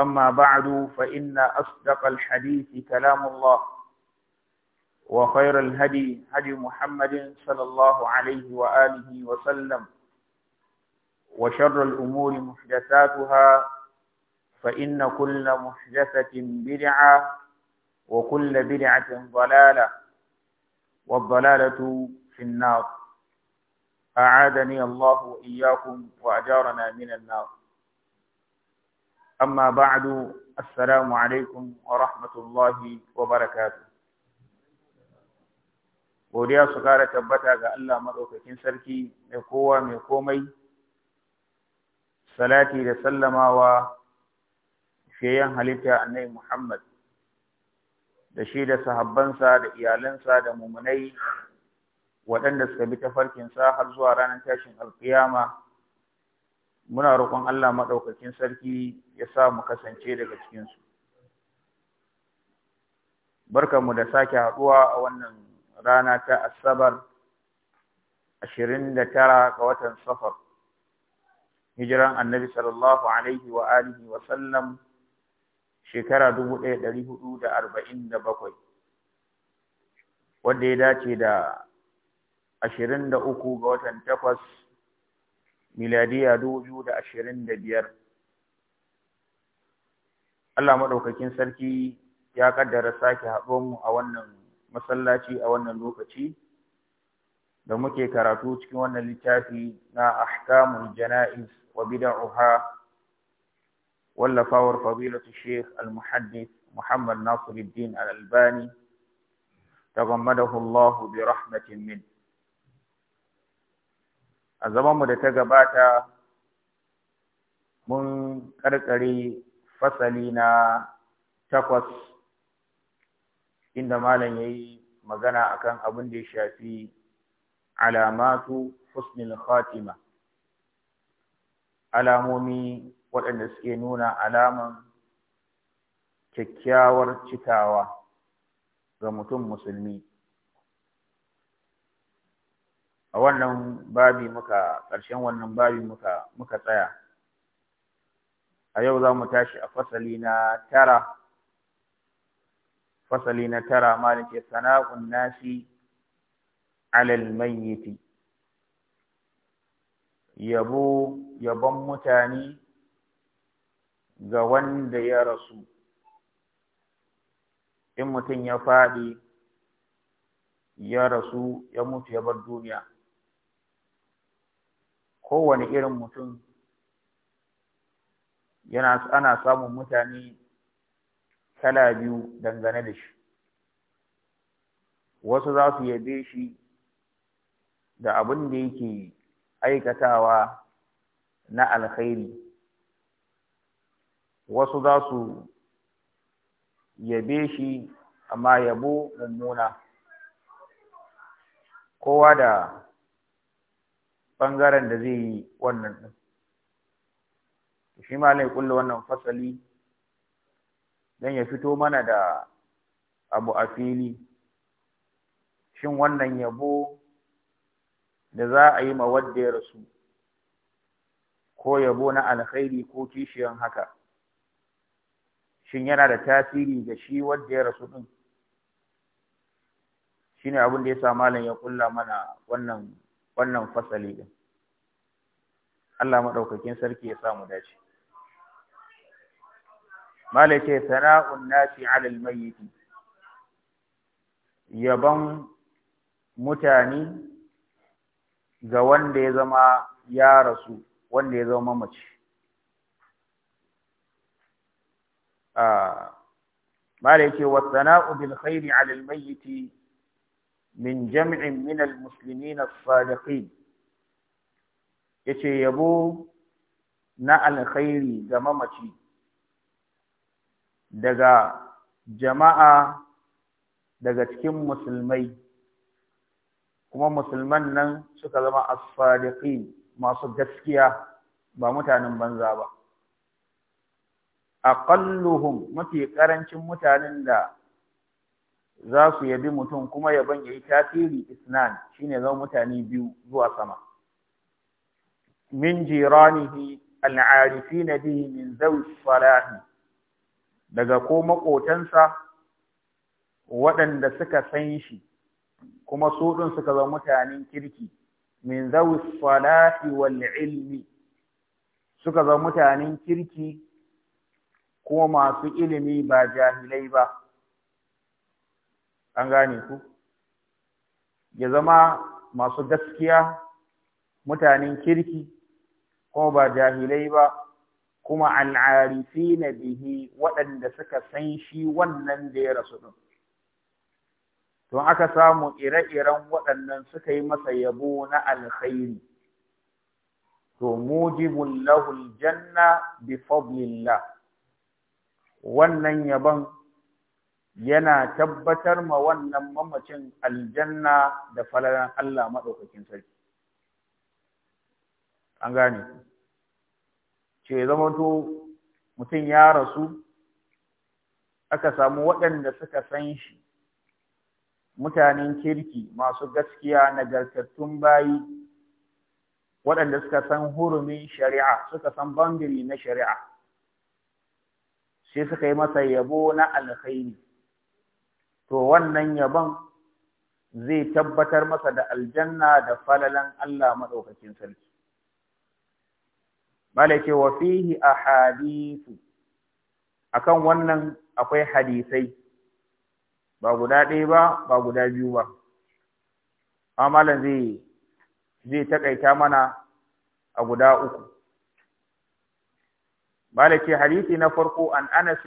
أما بعد فإن أصدق الحديث كلام الله وخير الهدي هدي محمد صلى الله عليه وآله وسلم وشر الأمور محدثاتها فإن كل محدثة بدعة وكل بدعة ضلالة والضلالة في النار أعادني الله إياكم وأجارنا من النار أما بعد السلام عليكم ورحمة الله وبركاته godiya su kara tabbata ga Allah maɗaukakin sarki mai kowa mai komai salati da sallamawa shayen halitta annabi Muhammad da shi da sahabbansa da iyalansa da mumunai waɗanda suka bi tafarkinsa har zuwa ranar tashin alkiyama muna roƙon Allah maɗaukakin sarki ya sa mu kasance daga cikinsu. Barkanmu da sake haɗuwa a wannan rana ta Asabar ashirin da tara ga watan Safar. Hijiran annabi sallallahu Alaihi wa alihi wa sallam shekara dubu ɗaya ɗari hudu da arba'in da bakwai. Wanda ya dace da ashirin da uku ga watan takwas miladiya biyar. Allah maɗaukakin sarki ya ƙaddara sake mu a wannan masallaci a wannan lokaci da muke karatu cikin wannan littafi na ahkamul jana'iz wa bid'uha wallafawar fadilatu Sheikh al-Muhaddith Muhammad Nasiruddin al-Albani tagammadahu Allah bi rahmatin min. a zamanmu da ta gabata mun karkare fasali na takwas inda malam ya yi magana akan abin da ya shafi alamatu husnul khatima alamomi waɗanda suke nuna alaman kyakkyawar cikawa ga mutum musulmi a wannan babi muka ƙarshen wannan babi muka muka tsaya a yau za mu tashi a fasali na tara fasali na tara ma da ce sana'un nasi alal mayyiti yabo yabon mutane ga wanda ya rasu in mutum ya faɗi ya rasu ya mutu ya bar duniya kowane irin mutum yana ana samun mutane kala biyu dangane da shi wasu za su yabe shi da abin da yake aikatawa na alkhairi wasu za su yabe shi amma yabo mummuna kowa da ɓangaren da zai yi wannan ɗin. Shi ma ne ƙulla wannan fasali don ya fito mana da abu a fili. Shin wannan yabo da za a yi ma wadda ya rasu, ko yabo na alkhairi ko kishiyan haka, shin yana da tasiri ga shi wadda ya rasu ɗin? Shi ne abin da ya sa malam ya ƙulla mana wannan wannan fasali din Allah maɗaukakin sarki ya sa mu dace. Malai ce, Sana'un nasi alal mayyiti, yabon mutane ga wanda ya zama ya rasu, wanda ya zama mace. Malai ce, Wa sana'u bil khairi alal mayyiti min jam'in minal musulmi na sadiqin. yace yabo na alkhairi ga mamaci daga jama'a daga cikin musulmai kuma musulman nan suka zama asfadiqin masu gaskiya ba mutanen banza ba aqalluhum mafi karancin mutanen da za su yabi mutum kuma yaban yayi tasiri isnan shine zama mutane biyu zuwa sama min jiranihi al'arifina bihi min zawi salahi daga ko maƙotansa waɗanda suka san shi kuma su din suka zama mutanen kirki min zawi salahi wal ilmi suka zama mutanen kirki kuma masu ilimi ba jahilai ba an gane ku ya zama masu gaskiya mutanen kirki ko ba jahilai ba kuma al'arifi na bihi waɗanda suka san shi wannan da ya rasu ɗin. Don aka samu ire-iren waɗannan suka yi masa yabo na alkhairi. To, mujibun lahul janna bi fadlillah. Wannan yabon yana tabbatar ma wannan mamacin aljanna da falalan Allah maɗaukakin sarki. an gane ce zamanto mutum ya rasu aka samu waɗanda suka san shi mutanen kirki masu gaskiya nagartattun bayi waɗanda suka san hurumin shari'a suka san bangiri na shari'a sai suka yi masa yabo na alkhairi to wannan yabon zai tabbatar masa da aljanna da falalan Allah maɗaukakin sarki malai ce wa fihi ahadithu akan wannan akwai hadisai ba guda ɗaya ba ba guda biyu ba amma malam zai zai takaita mana a guda uku malai ce hadisi na farko an Anas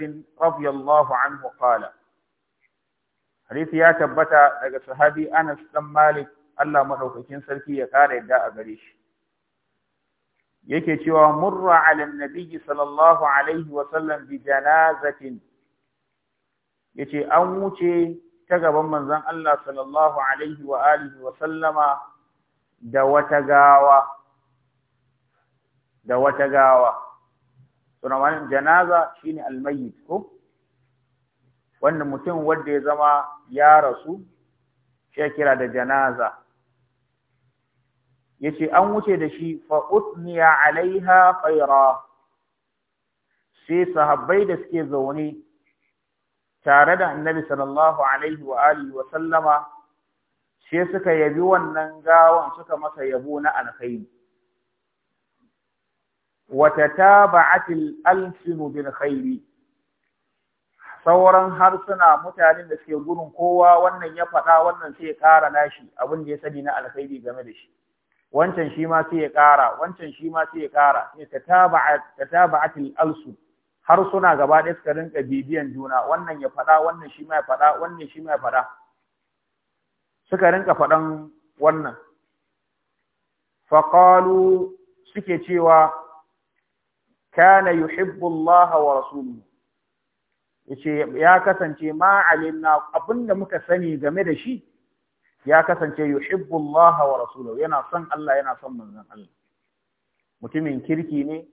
radiyallahu anhu qala hadisi ya tabbata daga sahabi Anas dan Malik Allah madaukakin sarki ya kare da a gare shi yake cewa murra ala nabiyyi sallallahu alaihi wa sallam bi janazatin yace an wuce ta gaban manzon Allah sallallahu alaihi wa alihi wa sallama da wata gawa da wata gawa suna wannan janaza shine almayyit ko wannan mutum wanda ya zama ya rasu shi kira da janaza yace an wuce da shi fa usniya alaiha khaira sai sahabbai da suke zaune tare da annabi sallallahu alaihi wa alihi wa sallama sai suka yabi wannan gawan suka masa yabo na alkhairi wa al alsinu bil khairi sauran harsuna mutanen da suke gurin kowa wannan ya faɗa wannan sai ya ƙara nashi abin da ya sani na alkhairi game da shi wancan shi ma sai ya ƙara wancan shi ma sai ya ƙara ne tataba'atil alsu har suna gaba ɗaya suka rinka bibiyan juna wannan ya faɗa wannan shi ma ya faɗa wannan shi ma ya faɗa suka rinka faɗan wannan faqalu suke cewa kana yuhibbu Allah wa rasuluhu yace ya kasance ma alimna abinda muka sani game da shi ya kasance yuhibbu laha wa rasuluhu yana son Allah yana son manzon Allah mutumin kirki ne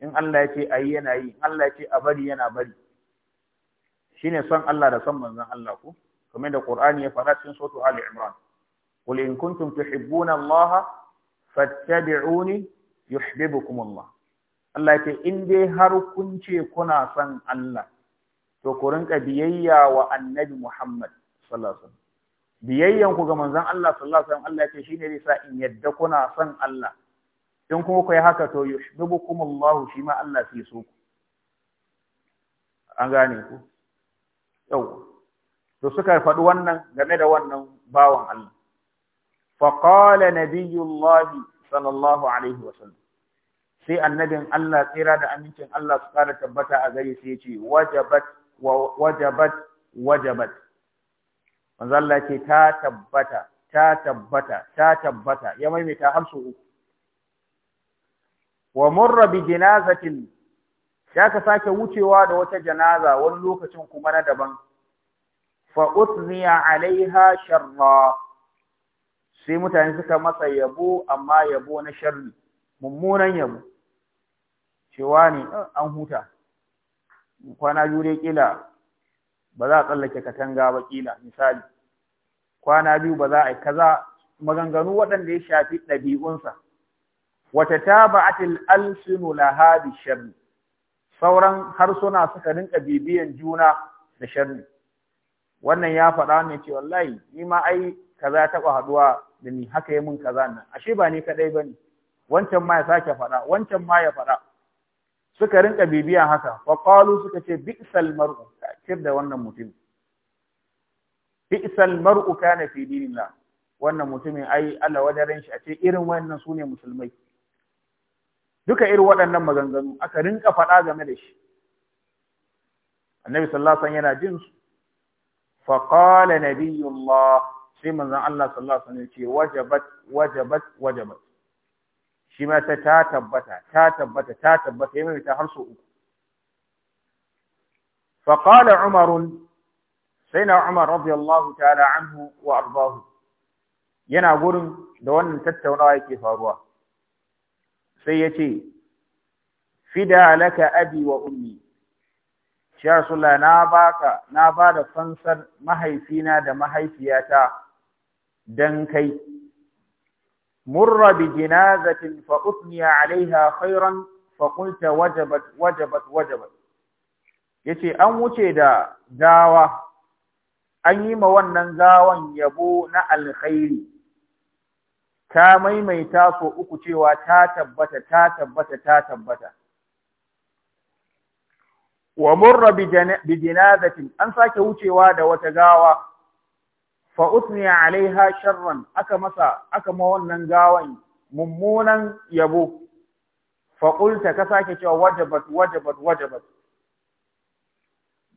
in Allah ya ce ayi yana yi in Allah ya ce a bari yana bari shine son Allah da son manzon Allah ko kamar da Qur'ani ya fara cikin sura Ali Imran qul in kuntum tuhibbuna Allah fattabi'uni yuhibbukum Allah Allah ya ce in dai har kun ce kuna son Allah to ku rinka biyayya wa Annabi Muhammad sallallahu biyayyan ku ga manzon Allah sallallahu alaihi wasallam Allah ya ce shine zai in yadda kuna son Allah in kuma ku yi haka to yushibbukum Allah shi ma Allah sai so ku an gane ku yau to suka faɗi wannan game da wannan bawan Allah fa qala nabiyullah sallallahu alaihi wasallam sai annabin Allah tsira da amincin Allah su kara tabbata a gare shi ya ce wajabat wajabat wajabat manzo Allah ce ta tabbata ta tabbata ta tabbata ya maimaita har su uku wa murra bi janazatin ya ka sake wucewa da wata janaza wani lokacin kuma na daban fa uthniya alaiha sharra sai mutane suka masa yabo amma yabo na sharri mummunan yabo cewa ne ah, an huta kwana jure kila ba za a tsallake katanga ba kila misali kwana biyu ba za a yi kaza maganganu waɗanda ya shafi ɗabi'unsa wata tabatil alsinu lahadi sharri sauran harsuna suka rinka bibiyan juna da sharri wannan ya faɗa ne ce wallahi ni ma ai kaza taɓa haɗuwa da ni haka yi min kaza nan ashe ba ni kaɗai ba ne wancan ma ya sake faɗa wancan ma ya faɗa suka rinka bibiya haka wa qalu suka ce bi'sal mar'u kafir da wannan mutum bi'sal mar'u kana fi dinillah wannan mutumin ai Allah wadaran shi a ce irin wannan sune musulmai duka irin waɗannan maganganu aka rinka faɗa game da shi annabi sallallahu alaihi wasallam yana jin su fa qala nabiyullah sai manzon Allah sallallahu alaihi wasallam ya ce wajabat wajabat wajabat shi ma sai ta tabbata ta tabbata ta tabbata yayin ta har su uku fa qala umar na umar radiyallahu ta'ala anhu wa ardahu yana gurin da wannan tattaunawa yake faruwa sai yace fida laka abi wa ummi ya Rasulullah na baka na bada fansar mahaifina da mahaifiyata dan kai مر بجنازة فأثني عليها خيرا فقلت وجبت وجبت وجبت yace an wuce da gawa an yi ma wannan gawan yabo na alkhairi ta maimaita so uku cewa ta tabbata ta tabbata ta tabbata wa murra bi an sake wucewa da wata gawa fa utniya alaiha sharran aka masa aka ma wannan gawan mummunan yabo fa qulta ka sake cewa wajabat wajabat wajabat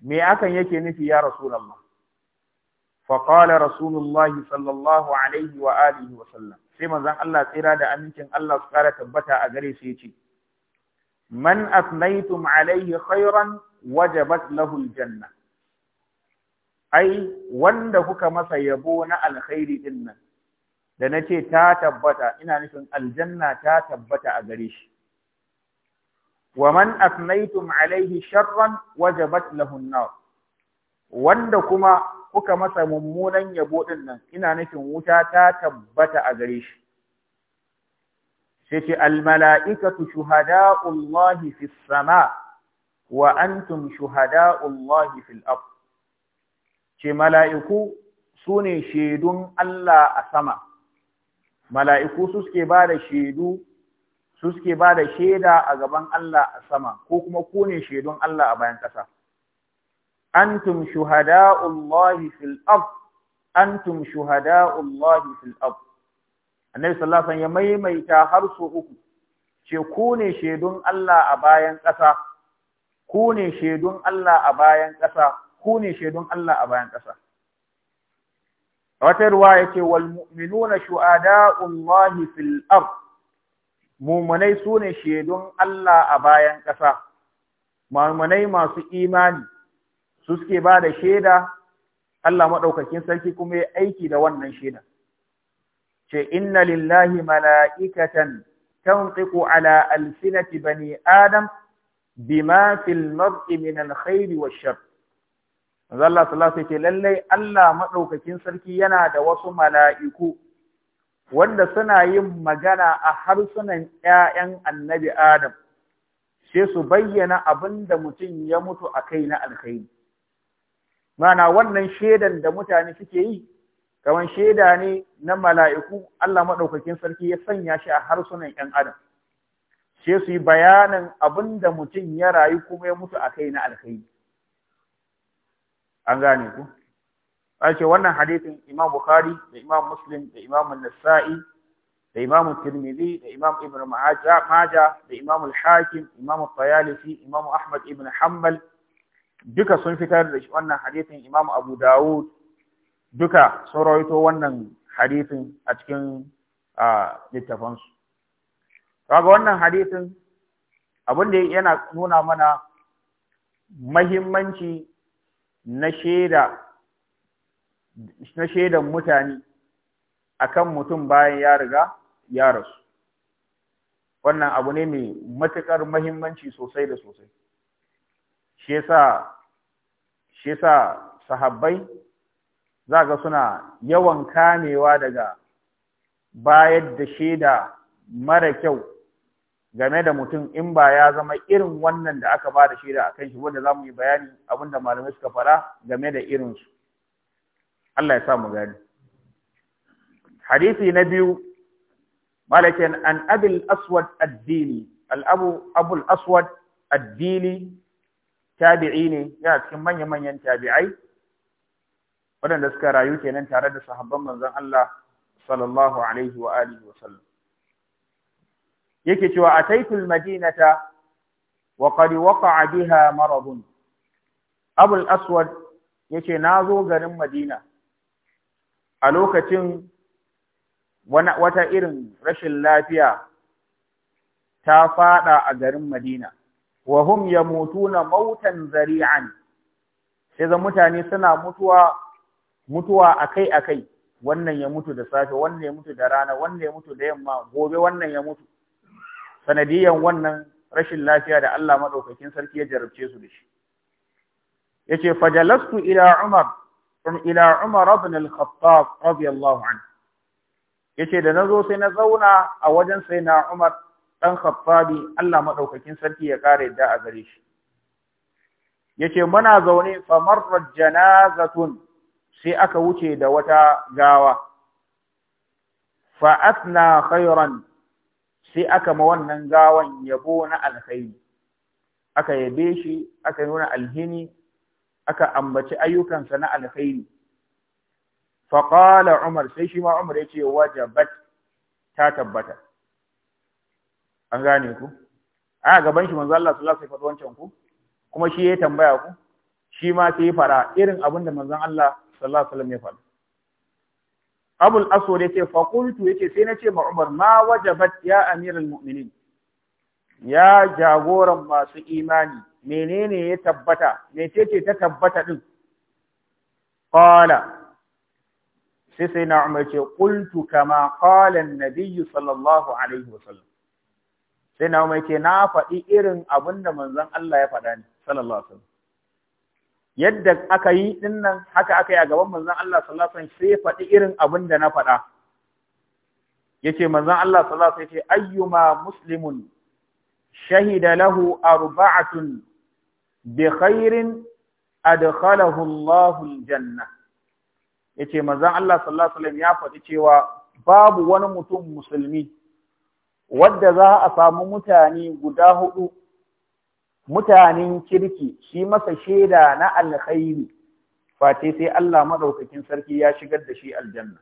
me akan yake nufi ya rasulallah? fa qala rasulullah sallallahu alaihi wa alihi wa sallam sai mazan Allah tsira da amincin Allah su kara tabbata a gare shi yace man athnaytum alaihi khairan wajabat lahu'l-janna. ai wanda kuka masa yabo na alkhairi din nan da nace ta tabbata ina nufin aljanna ta tabbata a gare shi wa man asnaytum alaihi sharran wajabat lahu an-nar wanda kuma kuka masa mummunan yabo din nan ina nufin wuta ta tabbata a gare shi sai al-mala'ikatu shuhada'ullahi fis sama wa antum shuhada'ullahi fil ardh ce mala'iku su ne shaidun Allah a sama mala'iku su suke ba da shaidu su suke ba da shaida a gaban Allah a sama ko kuma ku ne shaidun Allah a bayan ƙasa antum shuhada'ullahi fil ard antum shuhada'ullahi fil ard annabi sallallahu alaihi wasallam ya maimaita har su uku ce ku ne shaidun Allah a bayan ƙasa ku ne shaidun Allah a bayan ƙasa ku ne shaidun Allah a bayan ƙasa wata ruwa yace wal mu'minuna shu'ada'ullahi fil ard mu'minai su ne shaidun Allah a bayan ƙasa mu'minai masu imani su suke ba da shaida Allah maɗaukakin sarki kuma ya aiki da wannan shaida ce inna lillahi mala'ikatan tanqiqu ala alfinati bani adam bima fil mar'i min alkhairi wash manzo Allah sallallahu alaihi wasallam lallai Allah maɗaukakin sarki yana da wasu mala'iku wanda suna yin magana a harsunan 'ya'yan Annabi Adam sai su bayyana abin da mutum ya mutu a kai na alkhairi mana wannan shedan da mutane suke yi kamar sheda ne na mala'iku Allah maɗaukakin sarki ya sanya shi a harsunan 'yan Adam sai su yi bayanin da mutum ya rayu kuma ya mutu a kai na alkhairi an gane ku ake wannan hadisin Imam Bukhari da Imam Muslim da Imam nasai da Imam Tirmidhi da Imam Ibn Majah da Imam Al-Hakim Imam tayalisi Imam Ahmad ibn Hanbal duka sun fitar da wannan hadisin Imam Abu Dawud duka sun rawaito wannan hadisin a cikin littafansu kaga wannan hadisin abin da yana nuna mana mahimmanci na shaida shaidan mutane akan mutum bayan ya riga ya rasu wannan abu ne mai matuƙar mahimmanci sosai da sosai shi yasa shi yasa sahabbai zaka suna yawan kamewa daga bayar da shaida mara kyau game da mutum in ba ya zama irin wannan da aka ba da shaida a kan shi wanda za mu yi bayani abinda malamai suka fara game da irinsu. Allah ya sa mu gani. Hadisi na biyu, malakin an abil aswad addini, al'abu abul aswad addini tabi'i ne, yana cikin manya-manyan tabi'ai, waɗanda suka rayu kenan tare da sahabban manzon Allah sallallahu alaihi wa alihi wa sallam. yake cewa a ataitul madinata wa qad waqa'a biha maradun abul aswad yace nazo garin madina a lokacin wata irin rashin lafiya ta fada a garin madina wa hum yamutuna mautan zari'an sai mutane suna mutuwa mutuwa akai-akai wannan ya mutu da safe wannan ya mutu da rana wannan ya mutu da yamma gobe wannan ya mutu sanadiyan wannan rashin lafiya da Allah madaukakin sarki ya jarabce su da shi yace fajalastu ila Umar ila Umar ibn al-Khattab radiyallahu anhu yace da nazo sai na zauna a wajen sai na Umar dan Khattabi Allah madaukakin sarki ya kare da a gare shi yace muna zaune fa marrat janazatun sai aka wuce da wata gawa fa asna khairan sai aka ma wannan gawan yabo na alkhairi aka yabe shi aka nuna alhini aka ambaci ayyukansa na alkhairi faƙala umar sai shi ma umar ya ce wajabat ta tabbata an gane ku a gaban shi manzo Allah sallallahu alaihi wasallam wancan ku kuma shi ya tambaya ku shi ma sai fara irin abin da Allah sallallahu alaihi wasallam ya fara abul aswad yace fa qultu yace sai na ce ma umar ma wajabat ya amirul mu'minin ya jagoran masu imani menene ya tabbata mecece ta tabbata din qala sai sai na umar ce qultu kama qala an-nabiy sallallahu alaihi wasallam sai na umar ce na faɗi irin abinda manzon Allah ya faɗa ni sallallahu alaihi wasallam yadda aka yi dinnan haka aka yi a gaban manzon Allah sallallahu sai faɗi irin abin da na faɗa ce manzon Allah sallallahu alaihi ayyuma muslimun shahida lahu arba'atun bi khairin adkhalahu Allahu aljanna yace manzon Allah sallallahu alaihi wasallam ya faɗi cewa babu wani mutum musulmi wadda za a samu mutane guda hudu mutanen kirki shi masa shaida na alkhairi Fati sai Allah madaukakin sarki ya shigar da shi aljanna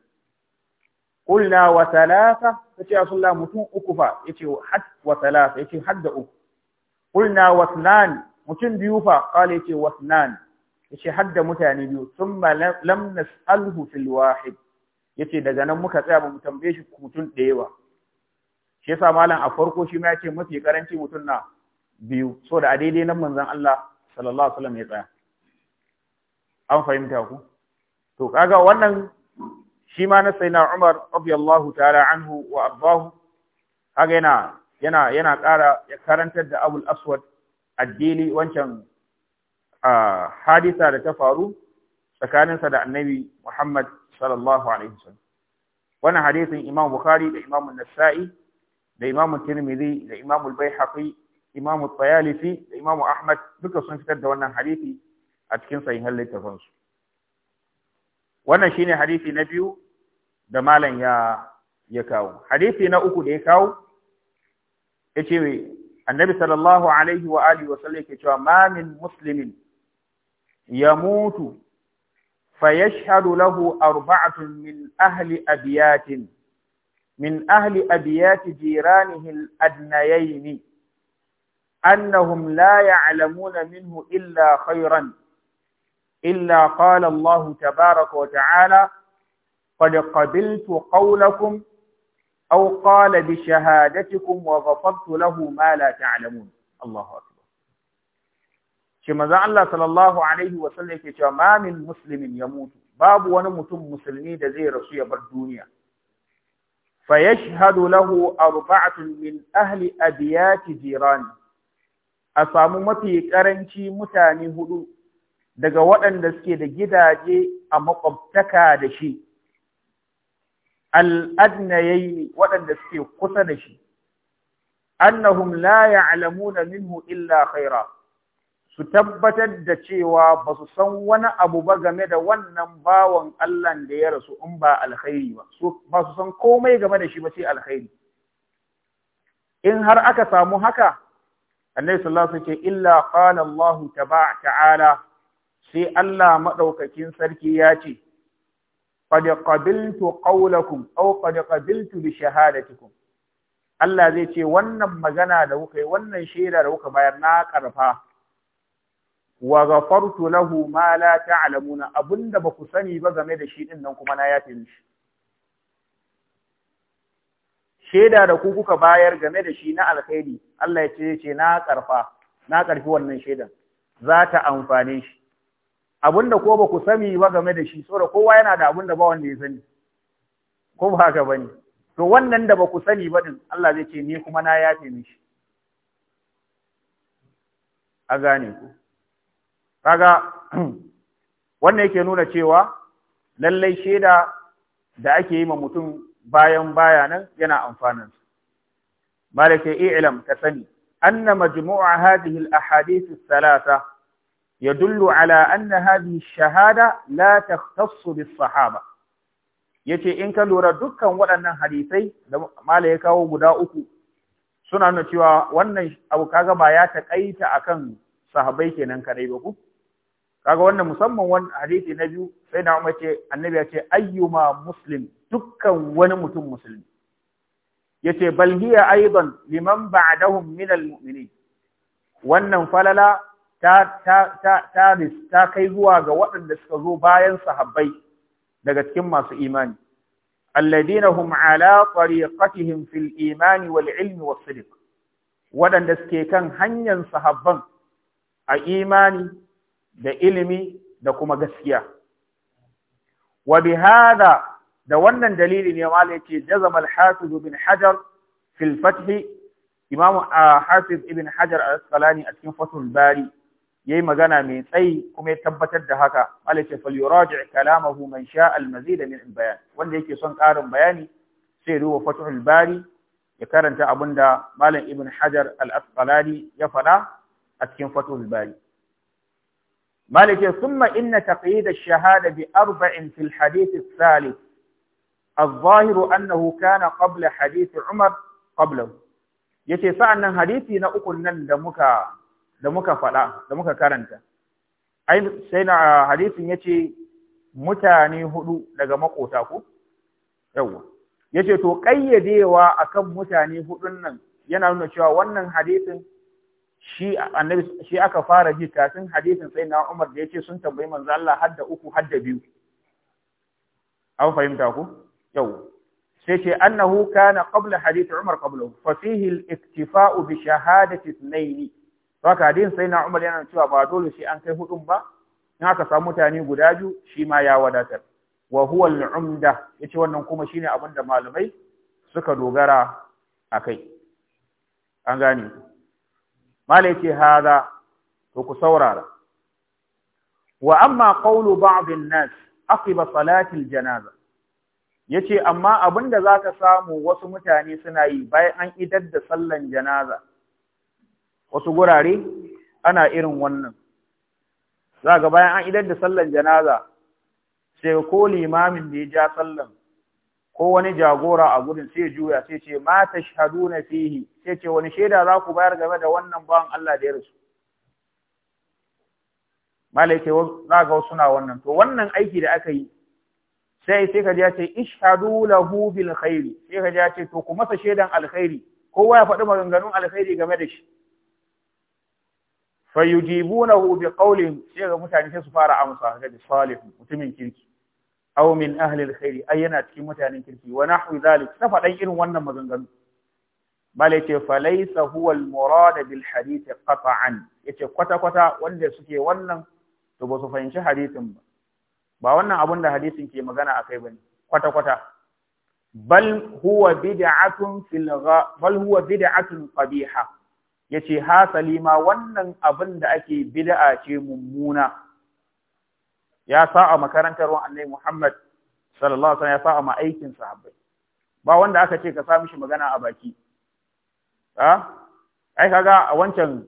qulna wa thalatha tace Allah mutum uku fa yace had wa thalatha yace had da uku qulna wa thnan mutum biyu fa qala yace wa thnan yace had da mutane biyu thumma lam nas'alhu fil wahid yace daga nan muka tsaya ba mu tambaye shi mutum ɗaya ba shi yasa malam a farko shi ma yace mafi karanci mutum na biyu so da a daidai nan manzon Allah sallallahu alaihi wasallam ya tsaya an fahimta ku to kaga wannan shi ma na sayyidina Umar radiyallahu ta'ala anhu wa ardahu kaga yana yana yana ƙara ya karantar da Abul Aswad addini wancan hadisa da ta faru tsakaninsa da Annabi Muhammad sallallahu alaihi wasallam wannan hadisin Imam Bukhari da Imam Nasa'i da Imam Tirmidhi da Imam Al-Baihaqi imamu tsayalifi da imamu ahmad duka sun fitar da wannan hadisi a cikin sahihan littafansu wannan shine hadisi na biyu da malam ya ya kawo hadisi na uku da ya kawo yace annabi sallallahu alaihi wa alihi wa sallam yake cewa ma min muslimin yamutu فيشهد له أربعة من أهل أبيات من أهل أبيات جيرانه الأدنيين أنهم لا يعلمون منه إلا خيرا إلا قال الله تبارك وتعالى قد قبلت قولكم أو قال بشهادتكم وغفرت له ما لا تعلمون الله أكبر كما ذا الله صلى الله عليه وسلم ما من مسلم يموت باب ونمتم مسلمي دزي رسول بالدنيا فيشهد له أربعة من أهل أبيات جيرانه a samu mafi ƙaranci mutane hudu daga waɗanda suke da gidaje a makwabtaka da shi al'adnayaini waɗanda suke kusa da shi annahum la na minhu illa khaira su tabbatar da cewa ba su san wani abu ba game da wannan bawon Allah da ya rasu in ba alkhairi ba ba su san komai game da shi ba sai alkhairi in har aka samu haka annabi sallallahu ce illa qala Allah ta'ala sai Allah maɗaukakin sarki ya ce qad qabiltu ƙaulakum aw bi shahadatikum Allah zai ce wannan magana da kuka yi wannan shaida da kuka bayar na karfa wa ghafartu lahu ma la ta'lamuna abunda ba ku sani ba game da shi ɗin nan kuma na yafe mishi shaida da ku kuka bayar game da shi na alkhairi Allah ya ce ce na karfa na karfi wannan shaidan za ta amfane shi abinda ko ba ku sani ba game da shi saboda kowa yana da abinda ba wanda ya sani ko ba haka bane to wannan da ba ku sani ba din Allah zai ce ni kuma na yafe mishi a gane ku kaga wannan yake nuna cewa lallai shaida da ake yi ma mutum bayan baya nan yana amfanin su malaka i'lam ka sani anna majmu'a hadhihi al-ahadith ath-thalatha yadullu ala anna hadhihi ash-shahada la takhtassu bis-sahaba yace in ka lura dukkan waɗannan hadisai da mala ya kawo guda uku suna nuna cewa wannan abu kaga ba ya takaita akan sahabbai kenan kadai ba ku kaga wannan musamman wannan hadisi na biyu sai na umar ce annabi ya ce ayyuma muslim dukkan wani mutum musulmi yace a yi don liman ba'dahum minal almu'minin wannan falala ta ta ta kai zuwa ga waɗanda suka zo bayan sahabbai daga cikin masu imani alladina hum ala tariqatihim fil imani wal ilmi was waɗanda suke kan hanyar sahabban a imani da ilimi da kuma gaskiya wa bihadha da wannan dalili ne mal yace jazam al-hafiz ibn hajar fi al-fath imam hafiz ibn hajar al-asqalani a cikin fathul bari yayi magana mai tsayi kuma ya tabbatar da haka mal yace fal yuraji kalamahu man sha'a al-mazid min al-bayan wanda yake son karin bayani sai ruwa fathul bari ya karanta abinda malam ibn hajar al-asqalani ya faɗa a cikin fathul bari مالك ثم إن تقييد الشهادة بأربع في الحديث الثالث الظاهر أنه كان قبل حديث عمر قبله yace sa'annan hadisi na uku nan da muka da muka fada da muka karanta ai sai na hadisin yace mutane hudu daga makota ko yawa yace to kayyadewa akan mutane hudun nan yana nuna cewa wannan hadisin shi annabi shi aka fara ji kafin hadisin sai na Umar da yace sun tambayi manzo Allah hadda uku hadda biyu an fahimta ku yau sai ce annahu kana qabla hadith Umar qablahu fa fihi al-iktifa'u bi shahadati ithnayn haka hadin sai na Umar yana cewa ba dole shi an kai hudun ba in aka samu mutane guda biyu shi ma ya wadatar wa huwa al-umda yace wannan kuma shine abin da malamai suka dogara akai an gane malai ce hada to ku saurara wa amma qawlu ba'd an-nas aqiba salati al-janaza yace amma abinda zaka samu wasu mutane suna yi bayan an idar da sallan janaza wasu gurare ana irin wannan zaka bayan an idar da sallan janaza sai ko limamin da ya ja sallan ko wani jagora a gudun sai juya sai ce ma tashhaduna fihi sai ce wani shaida za ku bayar game da wannan bawan Allah da ya rasu malai za ga wasu na wannan to wannan aiki da aka yi sai sai ka ji ya ce ishhadu lahu bil khairi sai ka ce to ku masa shaidan alkhairi kowa ya faɗi maganganun alkhairi game da shi fayujibunahu bi qawlin sai ga mutane sai su fara amsa ga salih mutumin kirki aw min ahli alkhairi ai yana cikin mutanen kirki wa nahwi zalik ta faɗan irin wannan maganganu bale ce falaysa huwa almurad bil hadith qat'an yace kwata kwata wanda suke wannan to ba su fahimci hadisin ba ba wannan abun da hadisin ke magana a kai bane kwata kwata bal huwa bid'atun fil bal huwa bid'atun qabiha yace hasali ma wannan abin da ake bid'a ce mummuna ya sa'a makarantar wa annabi Muhammad sallallahu alaihi wasallam ya sa'a ma aikin sahabbai ba wanda aka ce ka sa mishi magana a baki ha ai kaga a wancan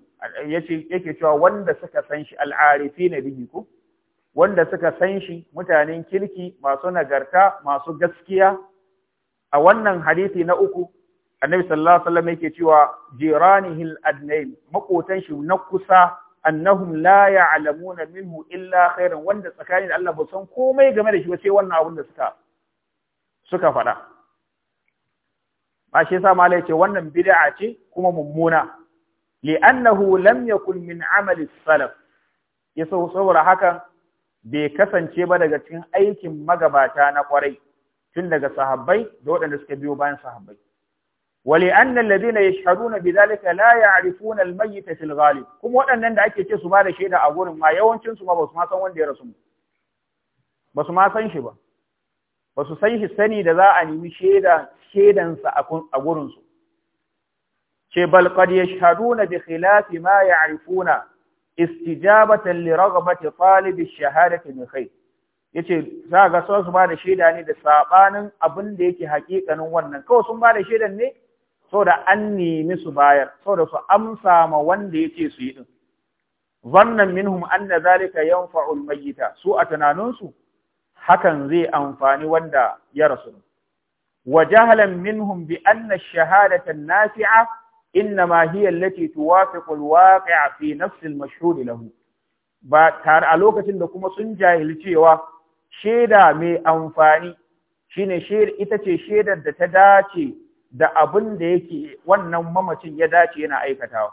yace yake cewa wanda suka san shi al na bihi ko wanda suka san shi mutanen kirki masu nagarta masu gaskiya a wannan hadisi na uku annabi sallallahu alaihi wasallam yake cewa jiranihil adnain makotan shi na kusa annahum la ya'lamuna minhu illa khairan wanda tsakanin da Allah ba san komai game da shi ba sai wannan abin da suka suka faɗa ba shi yasa malai ce wannan bid'a ce kuma mummuna li'annahu lam yakun min amali salaf yasa saboda hakan bai kasance ba daga cikin aikin magabata na kwarai tun daga sahabbai da waɗanda suka biyo bayan sahabbai wali annal ladina bi zalika la arifu na almayi ta ghalib kuma waɗannan da ake ce su ba da shaida a gurin ma yawancin su ma ba su ma san wanda ya rasu ba su ma san shi ba ba su san shi sani da za a nemi shaida shaidansa a gurin su ce bal qad na bi khilafi ma ya ya'rifuna istijabatan li raghabati talib ash-shahadati min khair yace za ga so ba da shaida ne da sabanin abin da yake hakikanin wannan kawai sun bada shaidan ne saboda an nemi su bayar saboda su amsa ma wanda yake su yi din zannan minhum anna zalika yanfa'u al su a tunaninsu hakan zai amfani wanda ya rasu wa jahalan minhum bi anna ash-shahadata nafia إنما هي التي توافق الواقع في نفس المشهود له ba tare a lokacin da kuma sun jahilcewa shaida mai amfani shine ita ce shaidar da ta dace da abin da yake wannan mamacin ya dace yana aikatawa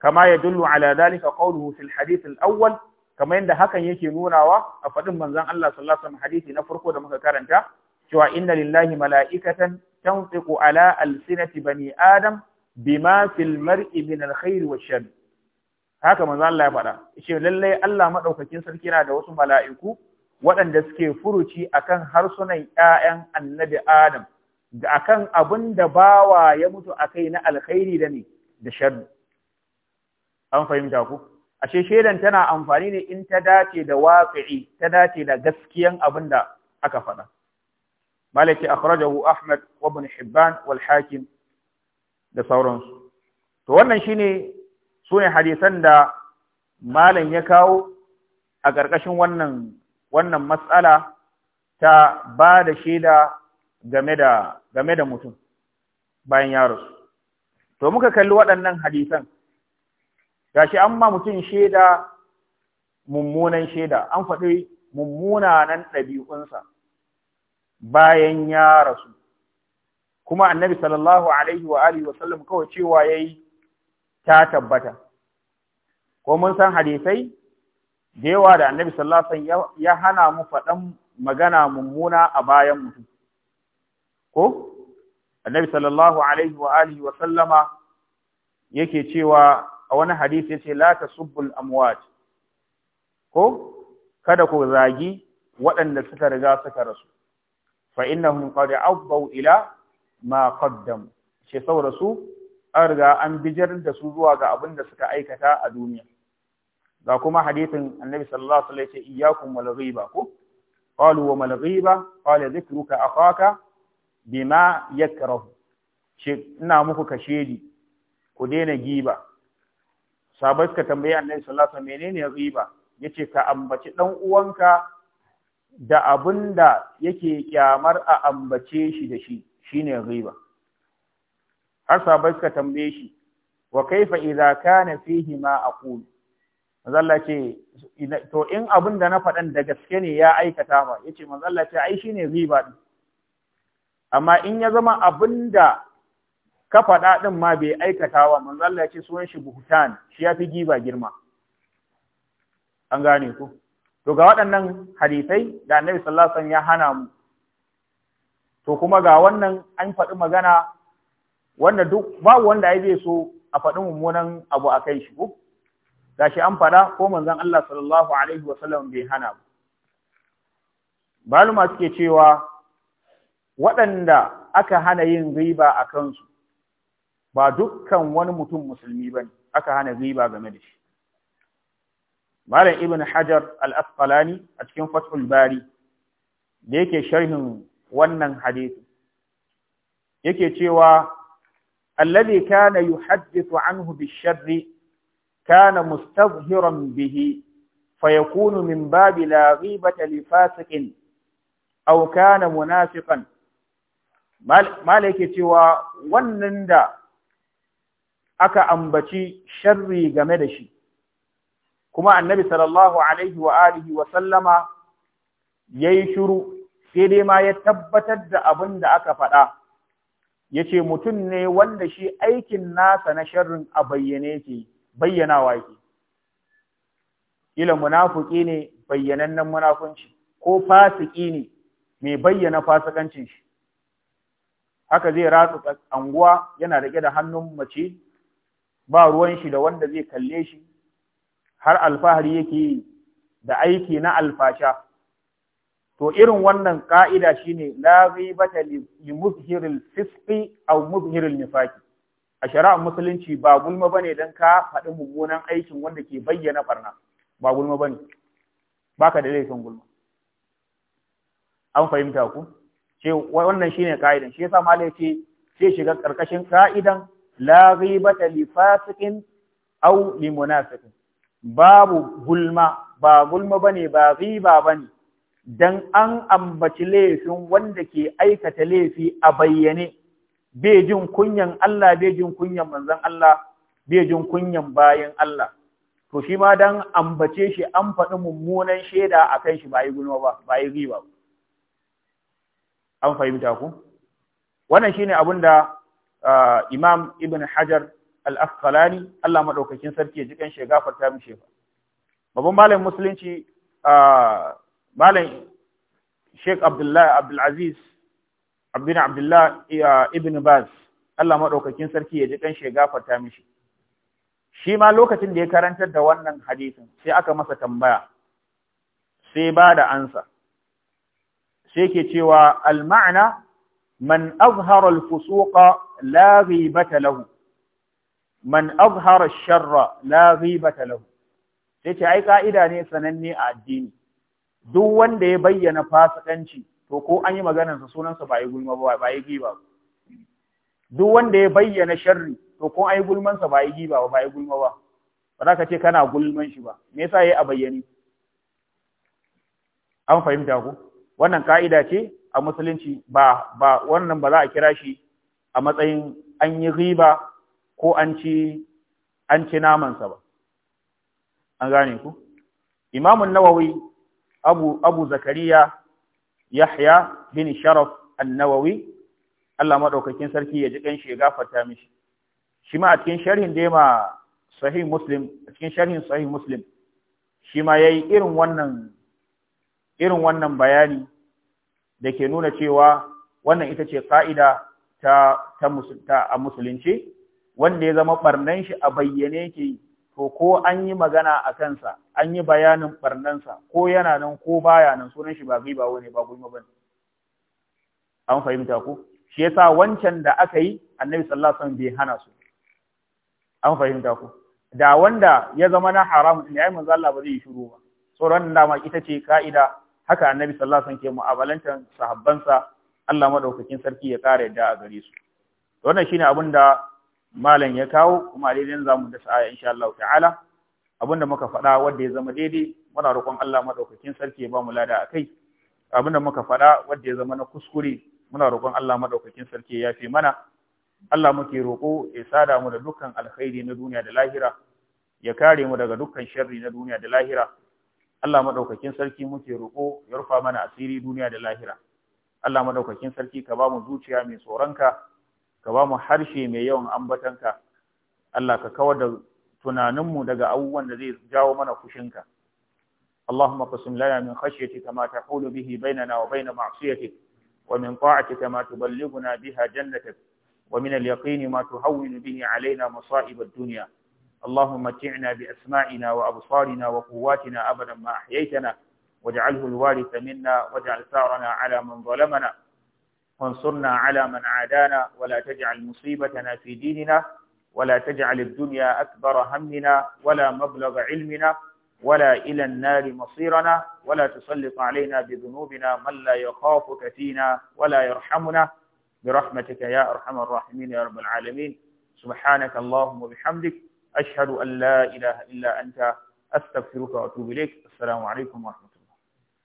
kama ya dullu ala dalika qawluhu fil hadith al awwal kama yanda hakan yake nunawa a fadin manzon Allah sallallahu alaihi wasallam hadisi na farko da muka karanta cewa inna lillahi mala'ikatan tanfiqu ala alsinati bani adam bima fil mar'i min alkhair wa shar haka manzo Allah ya faɗa shi lalle Allah madaukakin sarki yana da wasu mala'iku waɗanda suke furuci akan harsunan ƴaƴan annabi Adam da akan abin da bawa ya mutu akai na alkhairi da ne da shar an fahimta ku ashe shedan tana amfani ne in ta dace da waqi'i ta dace da gaskiyan abin da aka faɗa malaki akhrajahu ahmad wa ibn hibban wal hakim da sauransu to wannan ne su ne hadisan da malam ya kawo a ƙarƙashin wannan wannan matsala ta ba da shaida game da mutum bayan ya rasu to muka kalli waɗannan hadisan gashi an ma mutum shaida mummunan shaida an faɗi mummunanan ɗabi'unsa bayan ya rasu kuma annabi sallallahu alaihi wa alihi wasallam kawai cewa yayi ta tabbata ko mun san hadisai da yawa da annabi sallallahu alaihi ya hana mu faɗan magana mummuna a bayan mutum ko annabi sallallahu alaihi wa alihi wa sallama yake cewa a wani hadisi yace la tasubbul amwat ko kada ku zagi waɗanda suka riga suka rasu fa innahum qad abau ila ma qaddam shi saboda su an riga an bijar da su zuwa ga abin da suka aikata a duniya ga kuma hadithin annabi sallallahu alaihi wasallam ya ce iyyakum wal ghiba ko qalu wa mal ghiba qala dhikruka akhaka bima yakrahu shi ina muku kashedi ku daina giba sahabbai suka tambayi annabi sallallahu alaihi wasallam menene ghiba yace ka ambaci dan uwanka da abin da yake kyamar a ambace shi da shi shine riba har sahabbai suka tambaye shi wa kaifa idza kana fihi ma aqul manzo ce to in abin da na faɗan da gaske ne ya aikata ba yace manzo Allah ce ai shine riba din amma in ya zama abin da ka fada din ma bai aikata ba manzo Allah ce sunan shi buhutan shi yafi giba girma an gane ku to ga waɗannan hadisai da Annabi sallallahu alaihi wasallam ya hana mu to kuma ga wannan an faɗi magana wanda duk babu wanda ya bai so a faɗi mummunan abu a kai shi ko gashi an faɗa ko manzon Allah sallallahu alaihi wasallam bai hana ba maluma suke cewa waɗanda aka hana yin riba a kansu ba dukkan wani mutum musulmi bane aka hana riba game da shi malam ibn hajar al-asqalani a cikin fathul bari da yake sharhin wannan hadisi yake cewa alladhi kana yuhaddithu anhu bisharri kana mustazhiran bihi fayakunu min babi la ghibata li fasiqin aw kana munafiqan mala yake cewa wannan da aka ambaci sharri game da shi kuma annabi sallallahu alaihi wa alihi wa sallama yayi shiru sai dai ma ya tabbatar da abin da aka faɗa ya ce mutum ne wanda shi aikin nasa na sharrin a bayyane yake bayyanawa yake ila munafuki ne bayyanannen munafunci ko fasiki ne mai bayyana fasikancin shi haka zai ratsa anguwa yana riƙe da hannun mace ba ruwan shi da wanda zai kalle shi har alfahari yake da aiki na alfasha to irin wannan ka'ida shine la ghibata li muzhiril fisqi aw muzhiril nifaqi a shari'ar musulunci ba gulma bane dan ka faɗi mummunan aikin wanda ke bayyana barna ba gulma bane baka da laifin gulma an fahimta ku ce wannan shine ka'idan shi yasa malai ce sai shiga karkashin ka'idan la ghibata li fasiqin aw li munafiqin babu gulma ba gulma bane ba ghiba bane dan an ambaci laifin wanda ke aikata laifi a bayyane bai jin kunyan Allah bai jin kunyan manzon Allah bai jin kunyan bayan Allah to shi ma dan ambace shi an faɗi mummunan shaida a shi bai yi ba bai riba an fahimta ku wannan shine abin da imam ibn hajar al-asqalani Allah madaukakin sarki ya ji kan shi gafarta mishi babban malamin musulunci malam Sheikh Abdullahi Abdulaziz Abdin Ibn Baz Allah maɗaukakin sarki ya ji kan shi gafarta mishi shi ma lokacin da ya karantar da wannan hadisin sai aka masa tambaya sai ba da ansa sai ke cewa alma'ana man azhara al la ghibata lahu man azhara ash-sharra la ghibata lahu sai ce ai ka'ida ne sananne a addini duk wanda ya bayyana fasikanci to ko an yi maganarsa sunansa ba yi gulma ba ba yi giba duk wanda ya bayyana sharri to ko an yi gulman sa ba yi giba ba ba yi gulma ba ba za ka ce kana gulman shi ba me yasa yayi a bayyane an fahimta ku wannan ka'ida ce a musulunci ba ba wannan ba za a kira shi a matsayin an yi riba ko an ci an ci namansa ba an gane ku imamun nawawi abu zakariya yahya bin sharaf an-nawawi Allah maɗaukakin sarki ya ji shi ya gafarta mishi shi ma a cikin sharhin da ma sahih muslim a cikin sharhin sahih muslim shi ma yayi irin wannan bayani da ke nuna cewa wannan ita ce ka'ida ta a musulunci wanda ya zama ɓarnan shi a bayyane yake to ko an yi magana a kansa an yi bayanin barnansa ko yana nan ko baya nan sunan shi ba giba wani ba gulma bane an fahimta ko shi yasa wancan da aka yi annabi sallallahu alaihi wasallam bai hana su an fahimta ko da wanda ya zama na haramu, ne ai manzo Allah ba zai yi shiru ba tsoron dama ita ce ka'ida haka annabi sallallahu alaihi wasallam ke mu'amalantar sahabbansa Allah madaukakin sarki ya kare da a gare su wannan shine abin da malam ya kawo kuma daidai za mu dasa aya insha Allah ta'ala abinda muka faɗa wanda ya zama daidai muna roƙon Allah madaukakin sarki ya ba mu lada akai abinda muka faɗa wanda ya zama na kuskure muna roƙon Allah madaukakin sarki ya yafe mana Allah muke roƙo ya sada mu da dukkan alkhairi na duniya da lahira ya kare mu daga dukkan sharri na duniya da lahira Allah madaukakin sarki muke roƙo ya rufa mana asiri duniya da lahira Allah madaukakin sarki ka ba mu zuciya mai tsoronka ka ba mu harshe mai yawan ambatanka Allah ka kawar da tunaninmu daga abubuwan da zai jawo mana fushinka اللهم قسم لنا من خشيتك ما تحول به بيننا وبين معصيتك ومن طاعتك ما تبلغنا بها جنتك ومن اليقين ما تهون به علينا مصائب الدنيا اللهم متعنا بأسماعنا وأبصارنا وقواتنا أبدا ما أحييتنا واجعله الوارث منا واجعل ثارنا على من ظلمنا وانصرنا على من عادانا ولا تجعل مصيبتنا في ديننا ولا تجعل الدنيا أكبر همنا ولا مبلغ علمنا ولا إلى النار مصيرنا ولا تسلط علينا بذنوبنا من لا يخافك فينا ولا يرحمنا برحمتك يا أرحم الراحمين يا رب العالمين سبحانك اللهم وبحمدك أشهد أن لا إله إلا أنت أستغفرك وأتوب إليك السلام عليكم ورحمة الله